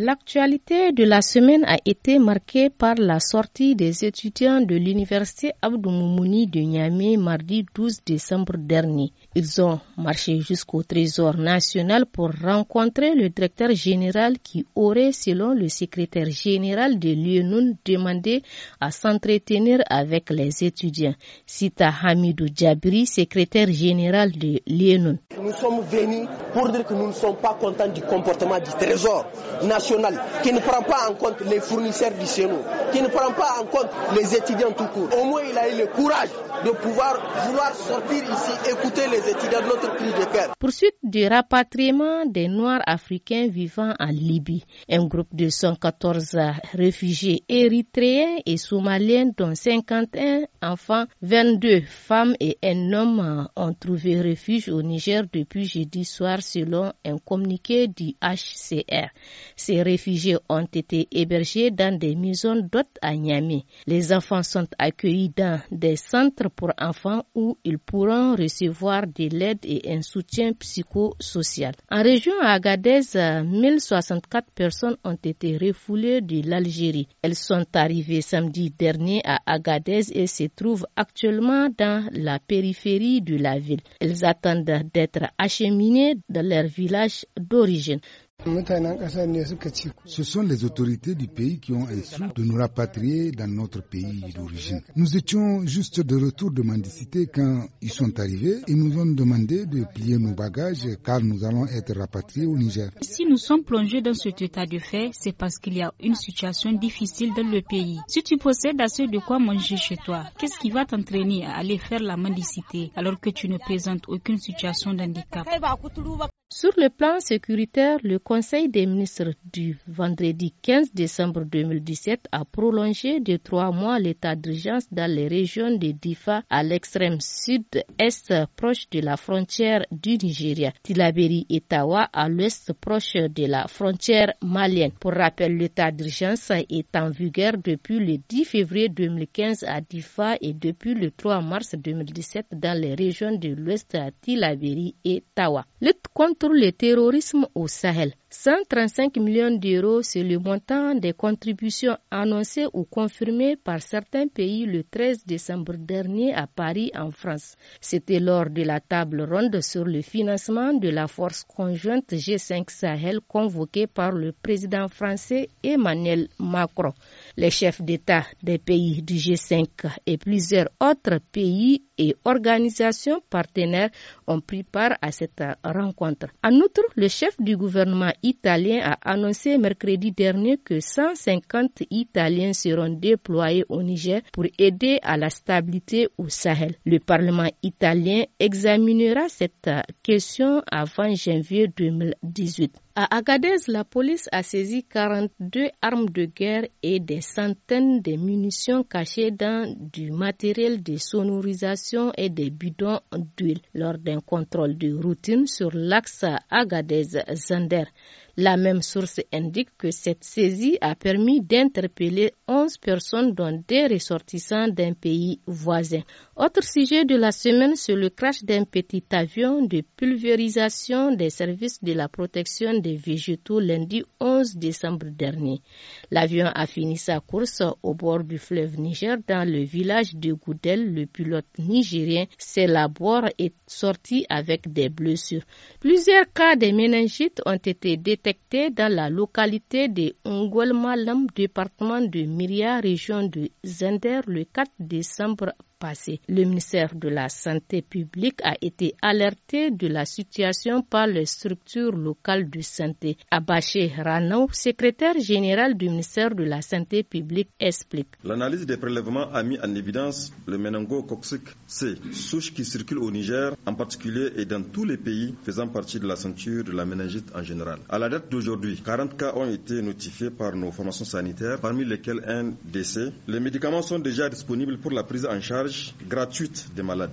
L'actualité de la semaine a été marquée par la sortie des étudiants de l'université Abdou Moumouni de Niamey mardi 12 décembre dernier. Ils ont marché jusqu'au Trésor national pour rencontrer le directeur général qui aurait, selon le secrétaire général de l'UNUN, demandé à s'entretenir avec les étudiants. Cita Hamidou Djabri, secrétaire général de l'UNUN. Nous sommes venus pour dire que nous ne sommes pas contents du comportement du Trésor national qui ne prend pas en compte les fournisseurs du Sénat, qui ne prend pas en compte les étudiants tout court. Au moins, il a eu le courage de pouvoir vouloir sortir ici, écouter les étudiants, de notre pays de cœur. Poursuite du rapatriement des Noirs africains vivant en Libye. Un groupe de 114 réfugiés érythréens et somaliens, dont 51 enfants, 22 femmes et un homme, ont trouvé refuge au Niger depuis jeudi soir, selon un communiqué du HCR. Ces les réfugiés ont été hébergés dans des maisons d'hôtes à Niamey. Les enfants sont accueillis dans des centres pour enfants où ils pourront recevoir de l'aide et un soutien psychosocial. En région Agadez, 1064 personnes ont été refoulées de l'Algérie. Elles sont arrivées samedi dernier à Agadez et se trouvent actuellement dans la périphérie de la ville. Elles attendent d'être acheminées dans leur village d'origine. Ce sont les autorités du pays qui ont instruit de nous rapatrier dans notre pays d'origine. Nous étions juste de retour de mendicité quand ils sont arrivés et nous ont demandé de plier nos bagages car nous allons être rapatriés au Niger. Si nous sommes plongés dans cet état de fait, c'est parce qu'il y a une situation difficile dans le pays. Si tu possèdes assez de quoi manger chez toi, qu'est-ce qui va t'entraîner à aller faire la mendicité alors que tu ne présentes aucune situation d'handicap sur le plan sécuritaire, le Conseil des ministres du vendredi 15 décembre 2017 a prolongé de trois mois l'état d'urgence dans les régions de Difa à l'extrême sud-est proche de la frontière du Nigeria, Tilaberi et Tawa à l'ouest proche de la frontière malienne. Pour rappel, l'état d'urgence est en vigueur depuis le 10 février 2015 à Difa et depuis le 3 mars 2017 dans les régions de l'ouest à Tilaberi et Tawa. Le contre le terrorisme au Sahel. 135 millions d'euros, c'est le montant des contributions annoncées ou confirmées par certains pays le 13 décembre dernier à Paris, en France. C'était lors de la table ronde sur le financement de la force conjointe G5 Sahel convoquée par le président français Emmanuel Macron. Les chefs d'État des pays du G5 et plusieurs autres pays et organisations partenaires ont pris part à cette rencontre. En outre, le chef du gouvernement italien a annoncé mercredi dernier que 150 Italiens seront déployés au Niger pour aider à la stabilité au Sahel. Le Parlement italien examinera cette question avant janvier 2018. À Agadez, la police a saisi 42 armes de guerre et des centaines de munitions cachées dans du matériel de sonorisation et des bidons d'huile lors d'un contrôle de routine sur l'axe Agadez-Zander. La même source indique que cette saisie a permis d'interpeller 11 personnes dont des ressortissants d'un pays voisin. Autre sujet de la semaine, c'est le crash d'un petit avion de pulvérisation des services de la protection des végétaux lundi 11 décembre dernier. L'avion a fini sa course au bord du fleuve Niger dans le village de Goudel. Le pilote nigérien s'élabore et sorti avec des blessures. Plusieurs cas de méningite ont été détectés dans la localité de Ngolmalam, département de Myria, région de Zender, le 4 décembre passé. Le ministère de la Santé publique a été alerté de la situation par les structures locales de santé. Abaché Ranao, secrétaire général du ministère de la Santé publique, explique. L'analyse des prélèvements a mis en évidence le méningo-coxique C, souche qui circule au Niger en particulier et dans tous les pays faisant partie de la ceinture de la méningite en général. À la date d'aujourd'hui, 40 cas ont été notifiés par nos formations sanitaires, parmi lesquels un décès. Les médicaments sont déjà disponibles pour la prise en charge gratuite des maladies.